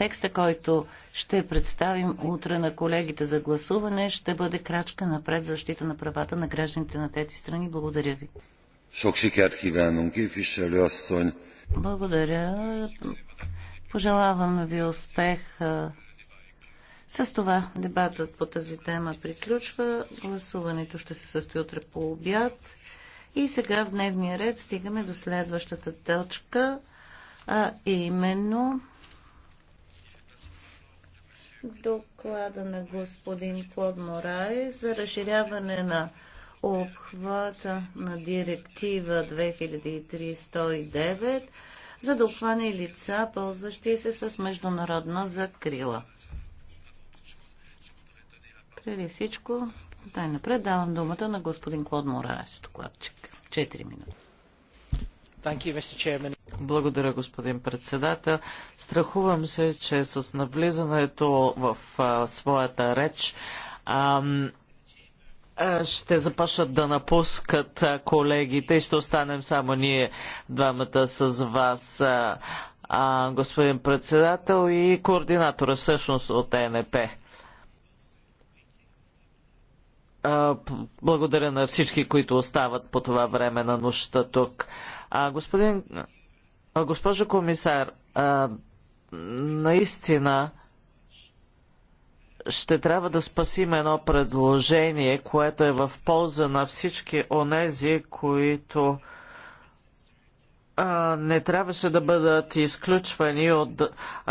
Текста, който ще представим утре на колегите за гласуване, ще бъде крачка напред защита на правата на гражданите на тези страни. Благодаря ви. Благодаря. Пожелавам ви успех. С това дебатът по тази тема приключва. Гласуването ще се състои утре по обяд. И сега в дневния ред стигаме до следващата точка, а именно доклада на господин Клод Морай за разширяване на обхвата на директива 2309 за да обхване лица, ползващи се с международна закрила. Преди всичко, дай напред давам думата на господин Клод с докладчик. Четири минути. Благодаря, господин председател. Страхувам се, че с навлизането в а, своята реч ще започнат да напускат колегите и ще останем само ние двамата с вас, а, господин председател и координатора всъщност от ЕНП. А, благодаря на всички, които остават по това време на нощта тук. А, господин Госпожо комисар, наистина ще трябва да спасим едно предложение, което е в полза на всички онези, които не трябваше да бъдат изключвани от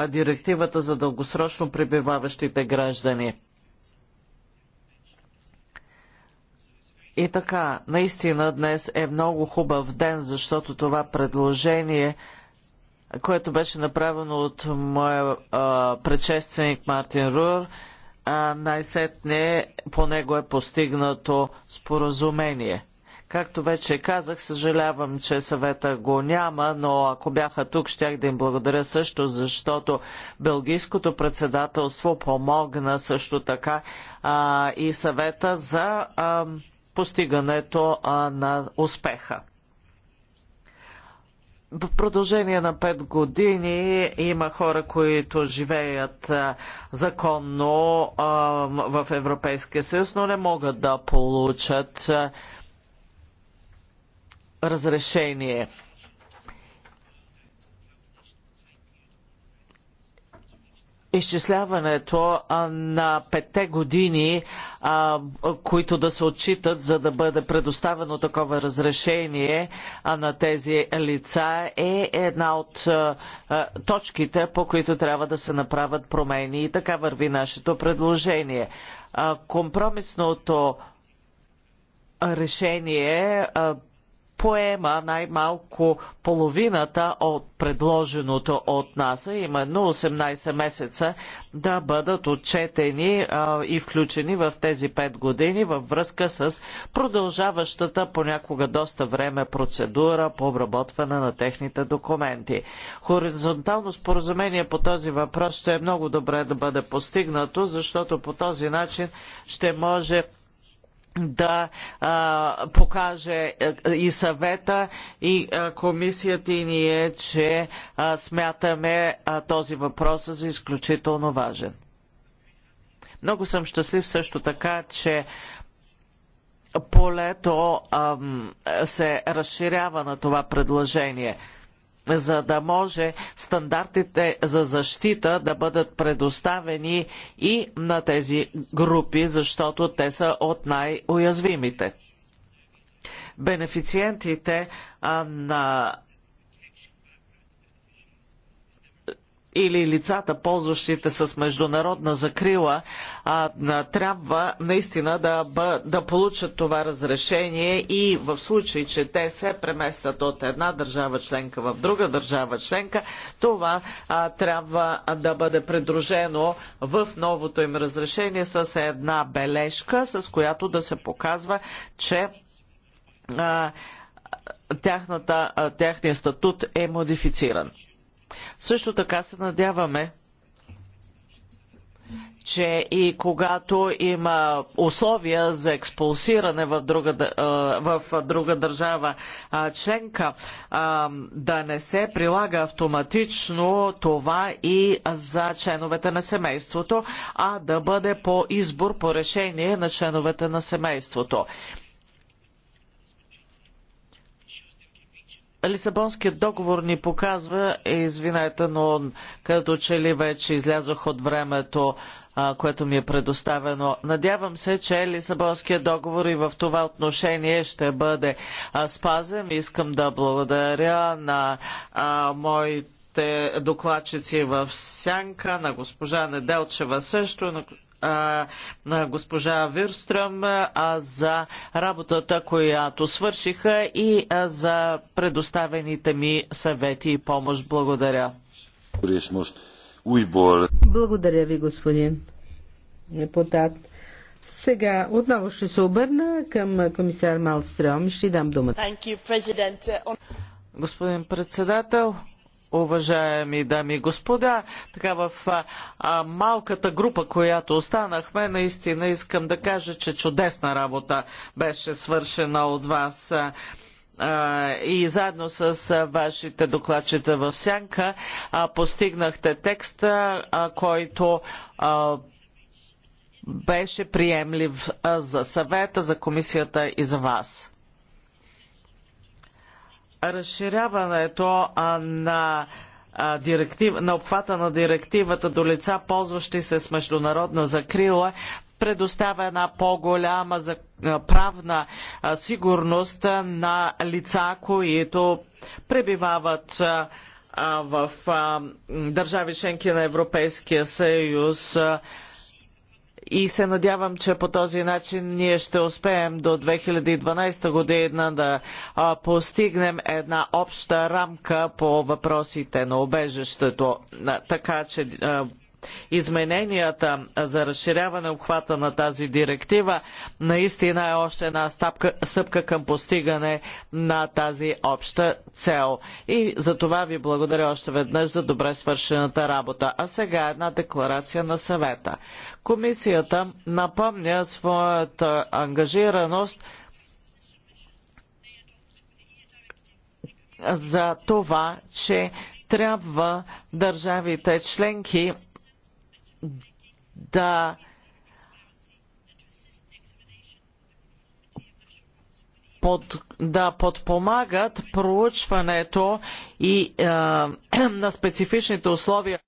директивата за дългосрочно пребиваващите граждани. И така, наистина днес е много хубав ден, защото това предложение, което беше направено от моя а, предшественик Мартин Рур, най-сетне по него е постигнато споразумение. Както вече казах, съжалявам, че съвета го няма, но ако бяха тук, щях да им благодаря също, защото Белгийското председателство помогна също така а, и съвета за. А, постигането а, на успеха. В продължение на 5 години има хора, които живеят законно в Европейския съюз, но не могат да получат разрешение. изчисляването на петте години, които да се отчитат, за да бъде предоставено такова разрешение на тези лица, е една от точките, по които трябва да се направят промени. И така върви нашето предложение. Компромисното решение поема най-малко половината от предложеното от нас, именно 18 месеца да бъдат отчетени а, и включени в тези 5 години във връзка с продължаващата понякога доста време процедура по обработване на техните документи. Хоризонтално споразумение по този въпрос ще е много добре да бъде постигнато, защото по този начин ще може да а, покаже е, и съвета, и а, комисията и ние, че а, смятаме този въпрос за изключително важен. Много съм щастлив също така, че полето се разширява на това предложение – за да може стандартите за защита да бъдат предоставени и на тези групи, защото те са от най-уязвимите. Бенефициентите на или лицата, ползващите с международна закрила, а, трябва наистина да, да получат това разрешение и в случай, че те се преместят от една държава членка в друга държава членка, това а, трябва да бъде придружено в новото им разрешение с една бележка, с която да се показва, че а, тяхната, а, статут е модифициран. Също така се надяваме, че и когато има условия за експулсиране в друга, в друга държава членка, да не се прилага автоматично това и за членовете на семейството, а да бъде по избор, по решение на членовете на семейството. Лисабонският договор ни показва, е, извинете, но като че ли вече излязох от времето, което ми е предоставено. Надявам се, че Лисабонският договор и в това отношение ще бъде спазен. Искам да благодаря на моите докладчици в Сянка, на госпожа Неделчева също, на на госпожа Вирстръм за работата, която свършиха и за предоставените ми съвети и помощ. Благодаря. Благодаря ви, господин депутат. Сега отново ще се обърна към комисар Малстрем и ще дам думата. Господин председател, уважаеми дами и господа. Така в а, малката група, която останахме, наистина искам да кажа, че чудесна работа беше свършена от вас и заедно с вашите докладчета в сянка постигнахте текста, който беше приемлив за съвета, за комисията и за вас разширяването на директив, на обхвата на директивата до лица, ползващи се с международна закрила, предоставя една по-голяма правна сигурност на лица, които пребивават в държави членки на Европейския съюз и се надявам, че по този начин ние ще успеем до 2012 година да постигнем една обща рамка по въпросите на убежището. така че измененията за разширяване обхвата на тази директива наистина е още една стъпка, стъпка към постигане на тази обща цел. И за това ви благодаря още веднъж за добре свършената работа. А сега една декларация на съвета. Комисията напомня своята ангажираност за това, че трябва държавите членки да под, да подпомагат проучването и е, на специфичните условия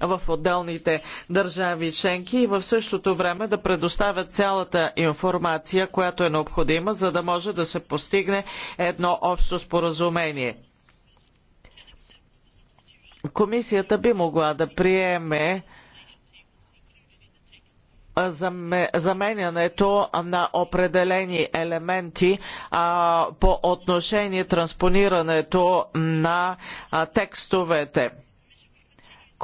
в отделните държави членки и в същото време да предоставят цялата информация, която е необходима, за да може да се постигне едно общо споразумение. Комисията би могла да приеме заменянето на определени елементи по отношение транспонирането на текстовете.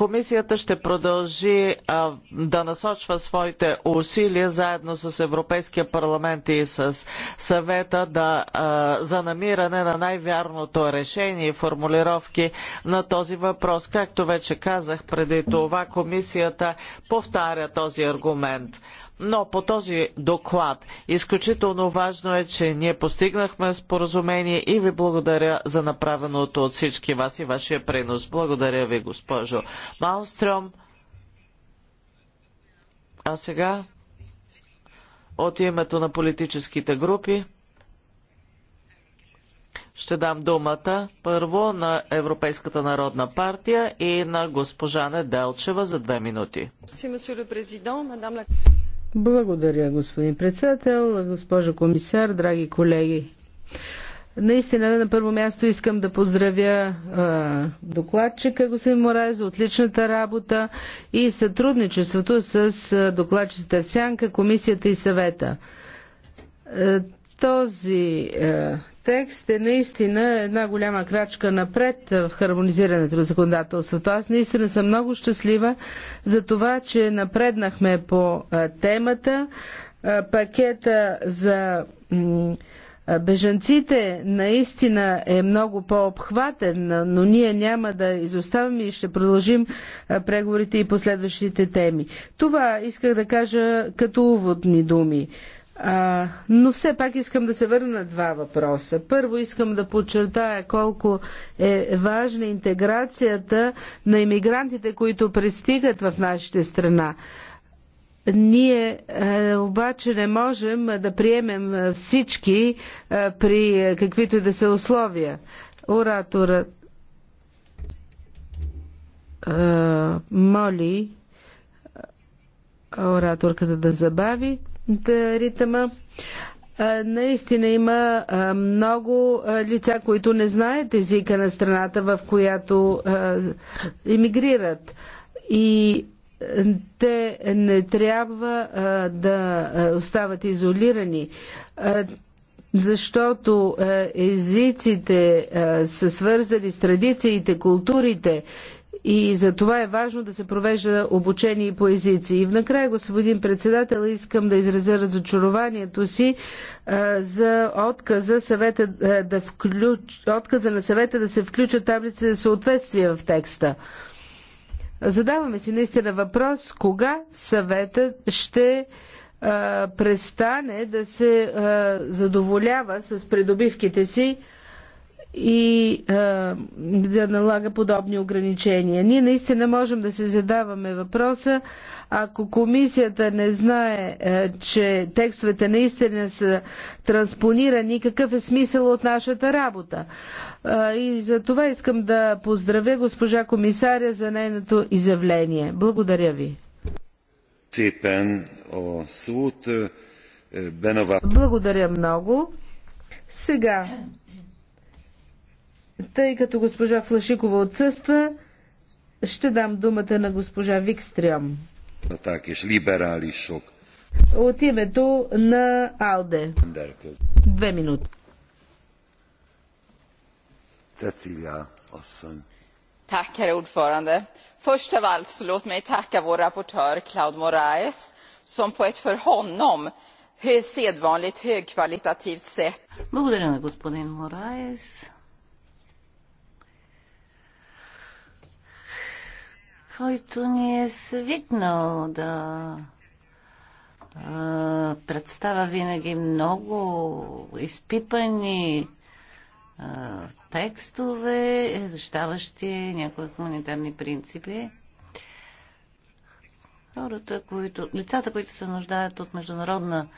Комисията ще продължи а, да насочва своите усилия заедно с Европейския парламент и с съвета да, а, за намиране на най-вярното решение и формулировки на този въпрос. Както вече казах преди това, комисията повтаря този аргумент. Но по този доклад изключително важно е, че ние постигнахме споразумение и ви благодаря за направеното от всички вас и вашия принос. Благодаря ви, госпожо Малстром. А сега от името на политическите групи ще дам думата първо на Европейската народна партия и на госпожа Неделчева за две минути. Благодаря, господин председател, госпожо комисар, драги колеги. Наистина, на първо място искам да поздравя а, докладчика господин Морай за отличната работа и сътрудничеството с докладчицата в Сянка, комисията и съвета. А, този текст е наистина една голяма крачка напред в хармонизирането на законодателството. Аз наистина съм много щастлива за това, че напреднахме по темата. Пакета за бежанците наистина е много по-обхватен, но ние няма да изоставаме и ще продължим преговорите и последващите теми. Това исках да кажа като уводни думи. А, но все пак искам да се върна на два въпроса. Първо искам да подчертая колко е важна интеграцията на иммигрантите, които пристигат в нашите страна. Ние е, обаче не можем да приемем всички е, при каквито и да се условия. Ораторът е, моли е, ораторката да забави ритъма. Наистина има много лица, които не знаят езика на страната, в която емигрират. И те не трябва да остават изолирани, защото езиците са свързани с традициите, културите и за това е важно да се провежда обучение по езици. И накрая, господин председател, искам да изразя разочарованието си а, за отказа, съвета, а, да включ... отказа на съвета да се включат таблици за съответствие в текста. Задаваме си наистина въпрос, кога съветът ще а, престане да се а, задоволява с придобивките си и а, да налага подобни ограничения. Ние наистина можем да се задаваме въпроса, ако комисията не знае, а, че текстовете наистина са транспонирани, какъв е смисъл от нашата работа. А, и за това искам да поздравя госпожа комисаря за нейното изявление. Благодаря ви. Е, Благодаря много. Сега тъй като госпожа Флашикова отсъства, ще дам думата на госпожа Викстрям. От името на Алде. Две минути. Cecilia Tack, herr ordförande. Först av allt så låt mig tacka vår rapportör Claude Moraes som på ett för honom sedvanligt högkvalitativt sätt. Благодаря на господин Мораес. който ни е свикнал да а, представя винаги много изпипани а, текстове, защитаващи някои хуманитарни принципи. Хората, които, лицата, които се нуждаят от международна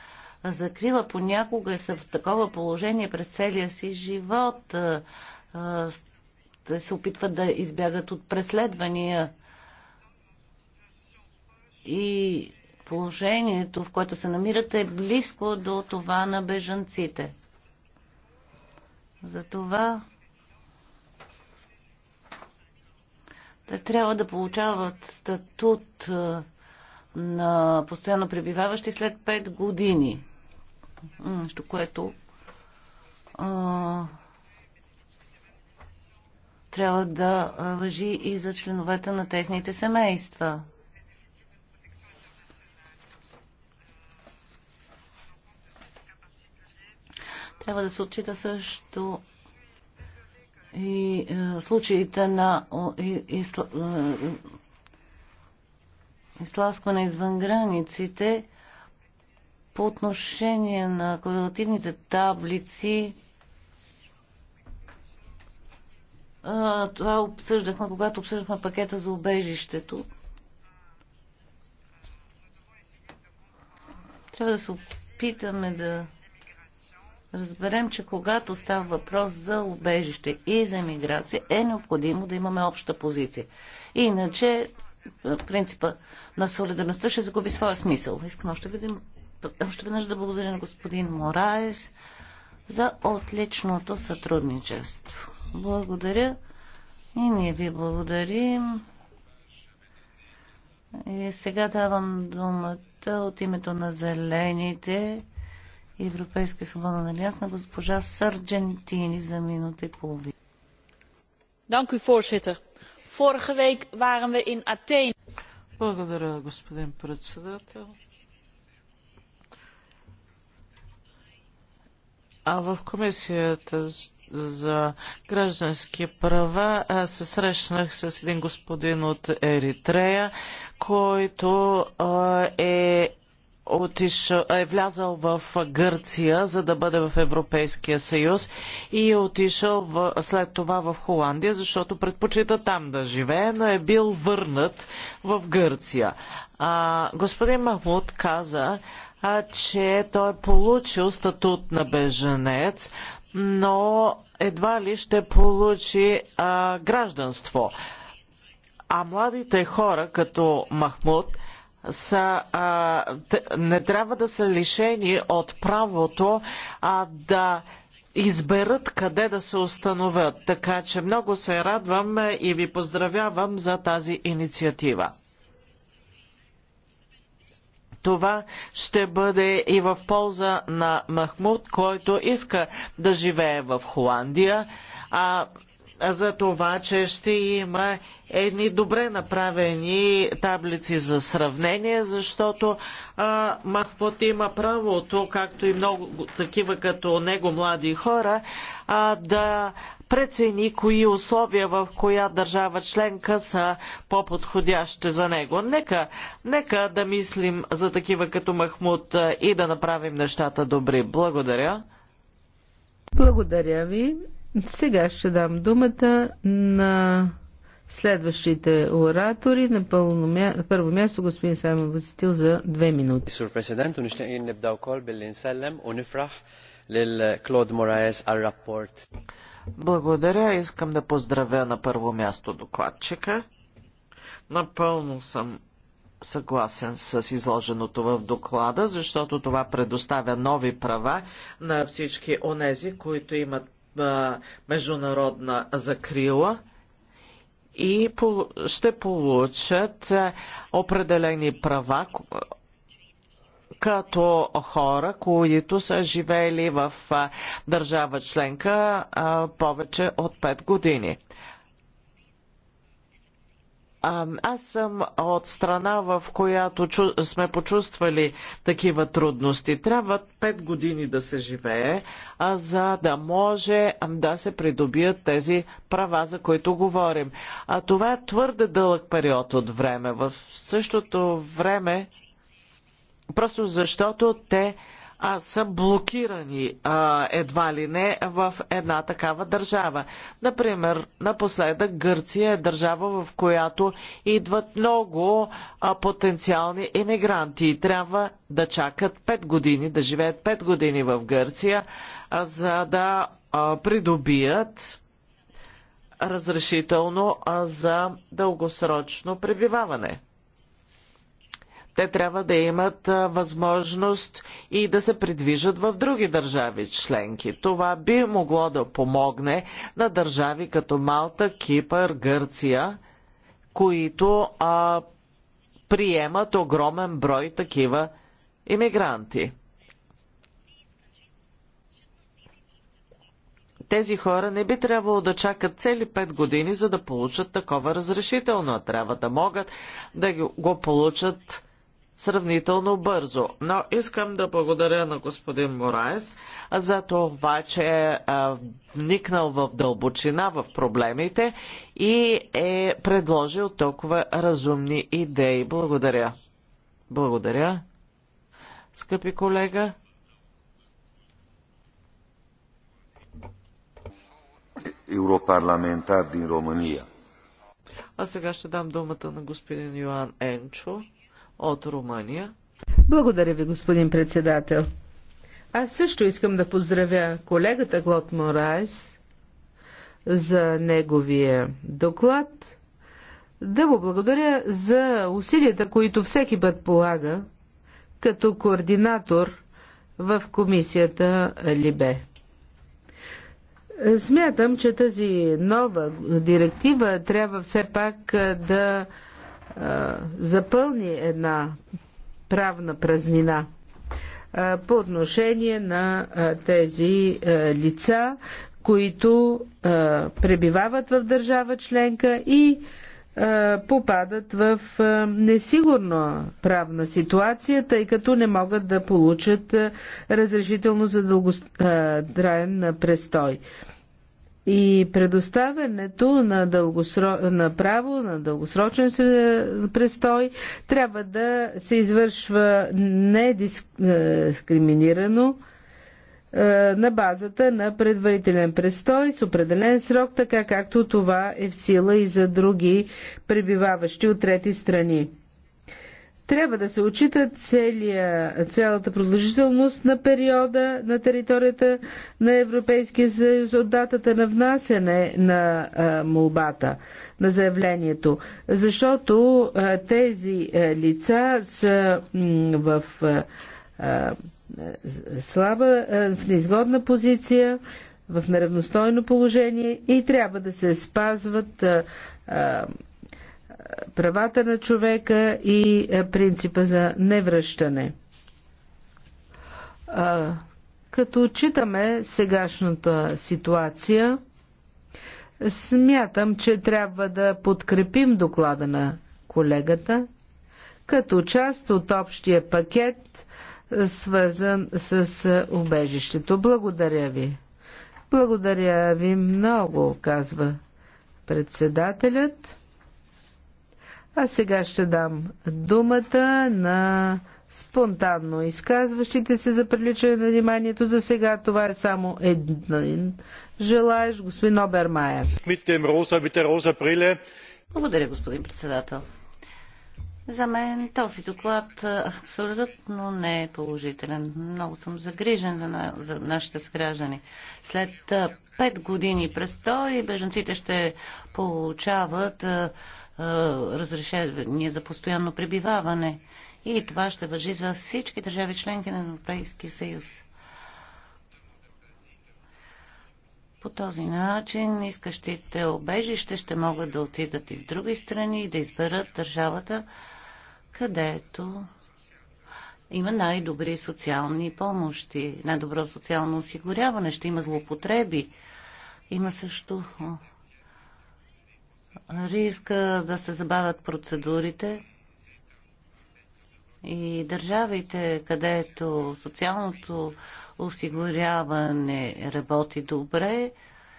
закрила, понякога са в такова положение през целия си живот. А, те се опитват да избягат от преследвания и положението, в което се намирате, е близко до това на бежанците. Затова те трябва да получават статут е, на постоянно пребиваващи след 5 години. Нещо, което а, е, трябва да въжи и за членовете на техните семейства. Трябва да се отчита също и е, случаите на и, и, е, изтласкване извън границите по отношение на корелативните таблици. Е, това обсъждахме, когато обсъждахме пакета за убежището. Трябва да се опитаме да разберем, че когато става въпрос за убежище и за миграция, е необходимо да имаме обща позиция. Иначе принципа на солидарността ще загуби своя смисъл. Искам още, видим, още веднъж да благодаря на господин Мораес за отличното сътрудничество. Благодаря и ние ви благодарим. И сега давам думата от името на зелените и Европейска свобода на Алианс на госпожа Сърджентини за минута и половина. Dank u, voorzitter. Vorige week waren we in Athene. Благодаря, господин председател. А в комисията за граждански права се срещнах с един господин от Еритрея, който а, е е влязал в Гърция, за да бъде в Европейския съюз и е отишъл в, след това в Холандия, защото предпочита там да живее, но е бил върнат в Гърция. А, господин Махмуд каза, а, че той е получил статут на беженец, но едва ли ще получи а, гражданство. А младите хора, като Махмуд, са, а, не трябва да са лишени от правото а, да изберат къде да се установят. Така че много се радвам и ви поздравявам за тази инициатива. Това ще бъде и в полза на Махмуд, който иска да живее в Холандия, а за това, че ще има едни добре направени таблици за сравнение, защото а, има правото, както и много такива като него млади хора, а, да прецени кои условия в коя държава членка са по-подходящи за него. Нека, нека да мислим за такива като Махмуд и да направим нещата добри. Благодаря. Благодаря ви. Сега ще дам думата на следващите оратори. На, мя... на първо място господин Саймон Васитил за две минути. Е, Благодаря. Искам да поздравя на първо място докладчика. Напълно съм съгласен с изложеното в доклада, защото това предоставя нови права на всички онези, които имат международна закрила и ще получат определени права като хора, които са живели в държава членка повече от 5 години. Аз съм от страна, в която чу... сме почувствали такива трудности. Трябват пет години да се живее, а за да може да се придобият тези права, за които говорим. А това е твърде дълъг период от време. В същото време, просто защото те а, са блокирани а, едва ли не в една такава държава. Например, напоследък Гърция е държава, в която идват много а, потенциални емигранти и трябва да чакат 5 години, да живеят 5 години в Гърция, а, за да а, придобият разрешително а, за дългосрочно пребиваване. Те трябва да имат възможност и да се придвижат в други държави членки. Това би могло да помогне на държави като Малта, Кипър, Гърция, които а, приемат огромен брой такива иммигранти. Тези хора не би трябвало да чакат цели 5 години, за да получат такова разрешително, а трябва да могат да го получат сравнително бързо. Но искам да благодаря на господин Мораес за това, че е вникнал в дълбочина в проблемите и е предложил толкова разумни идеи. Благодаря. Благодаря, скъпи колега. Европарламентар din Румъния. А сега ще дам думата на господин Йоан Енчо от Румъния. Благодаря ви, господин председател. Аз също искам да поздравя колегата Клод Морайс за неговия доклад. Да му благодаря за усилията, които всеки път полага като координатор в комисията Либе. Смятам, че тази нова директива трябва все пак да запълни една правна празнина по отношение на тези лица, които пребивават в държава членка и попадат в несигурна правна ситуация, тъй като не могат да получат разрешително за дългостраен престой и предоставянето на, дългосро... на право на дългосрочен престой трябва да се извършва недискриминирано е, е, на базата на предварителен престой с определен срок, така както това е в сила и за други пребиваващи от трети страни. Трябва да се отчита цялата продължителност на периода на територията на Европейския съюз от датата на внасяне на молбата, на заявлението, защото тези лица са в слаба, в неизгодна позиция, в неравностойно положение и трябва да се спазват правата на човека и е, принципа за невръщане. Като отчитаме сегашната ситуация, смятам, че трябва да подкрепим доклада на колегата като част от общия пакет, свързан с е, убежището. Благодаря ви. Благодаря ви много, казва председателят. А сега ще дам думата на спонтанно изказващите се за привличане на вниманието. За сега това е само един желаеш, господин Обермайер. Благодаря, господин председател. За мен този доклад абсолютно не е положителен. Много съм загрижен за, на, за нашите съграждани. След пет години престой беженците ще получават е, разрешение за постоянно пребиваване. И това ще въжи за всички държави членки на Европейския съюз. По този начин искащите обежище ще могат да отидат и в други страни и да изберат държавата, където има най-добри социални помощи, най-добро социално осигуряване, ще има злоупотреби. Има също риска да се забавят процедурите и държавите, където социалното осигуряване работи добре,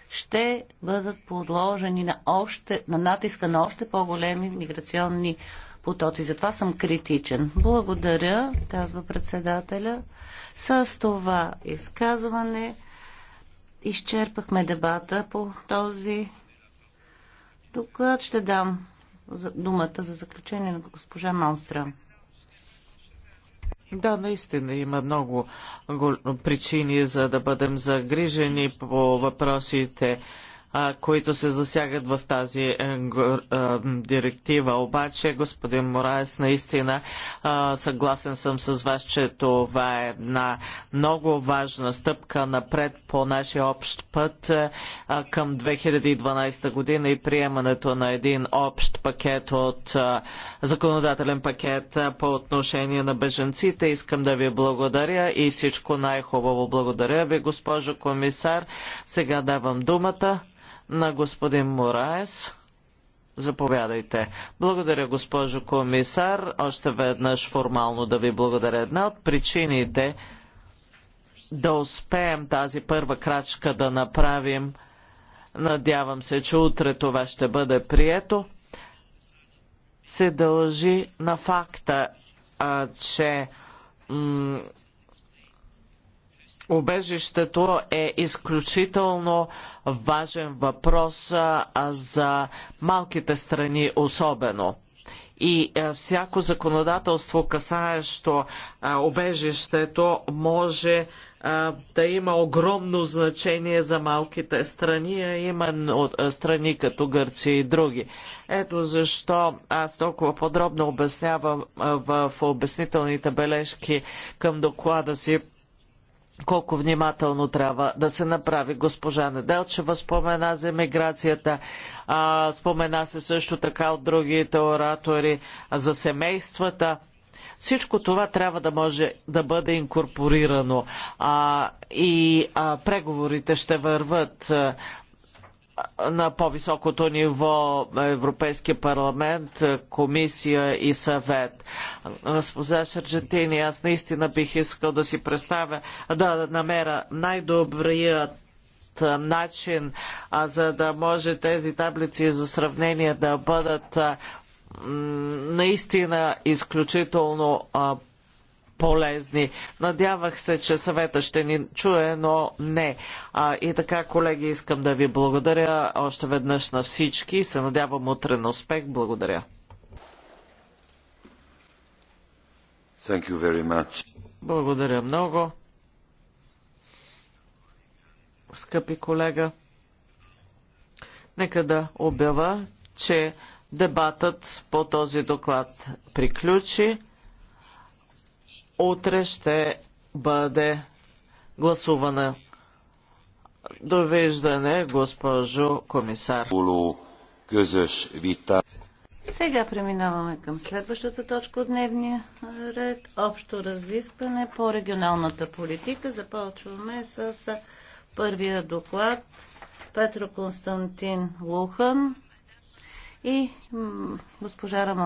ще бъдат подложени на, още, на натиска на още по-големи миграционни потоци. Затова съм критичен. Благодаря, казва председателя. С това изказване изчерпахме дебата по този тук ще дам думата за заключение на госпожа Малстра. Да, наистина има много причини за да бъдем загрижени по въпросите които се засягат в тази е, е, директива. Обаче, господин Мораес, наистина съгласен съм с вас, че това е една много важна стъпка напред по нашия общ път е, към 2012 година и приемането на един общ пакет от законодателен пакет по отношение на беженците. Искам да ви благодаря и всичко най-хубаво. Благодаря ви, госпожо комисар. Сега давам думата на господин Мораес. Заповядайте. Благодаря, госпожо комисар. Още веднъж формално да ви благодаря. Една от причините да успеем тази първа крачка да направим, надявам се, че утре това ще бъде прието, се дължи на факта, че Обежището е изключително важен въпрос за малките страни особено. И е, всяко законодателство, касаещо е, обежището, може е, да има огромно значение за малките страни, а именно страни като Гърция и други. Ето защо аз толкова подробно обяснявам в обяснителните бележки към доклада си колко внимателно трябва да се направи. Госпожа Неделчева спомена за емиграцията, а, спомена се също така от другите оратори за семействата. Всичко това трябва да може да бъде инкорпорирано а, и а, преговорите ще върват на по-високото ниво Европейския парламент, комисия и съвет. Госпожа Шарджентини, аз наистина бих искал да си представя, да намеря най-добрият начин, а за да може тези таблици за сравнение да бъдат наистина изключително полезни. Надявах се, че съвета ще ни чуе, но не. А, и така, колеги, искам да ви благодаря още веднъж на всички се надявам утре на успех. Благодаря. Thank you very much. Благодаря много. Скъпи колега, нека да обява, че дебатът по този доклад приключи утре ще бъде гласувана. Довиждане, госпожо комисар. Сега преминаваме към следващата точка от дневния ред. Общо разискване по регионалната политика. Започваме с първия доклад. Петро Константин Лухан и госпожа Рамон.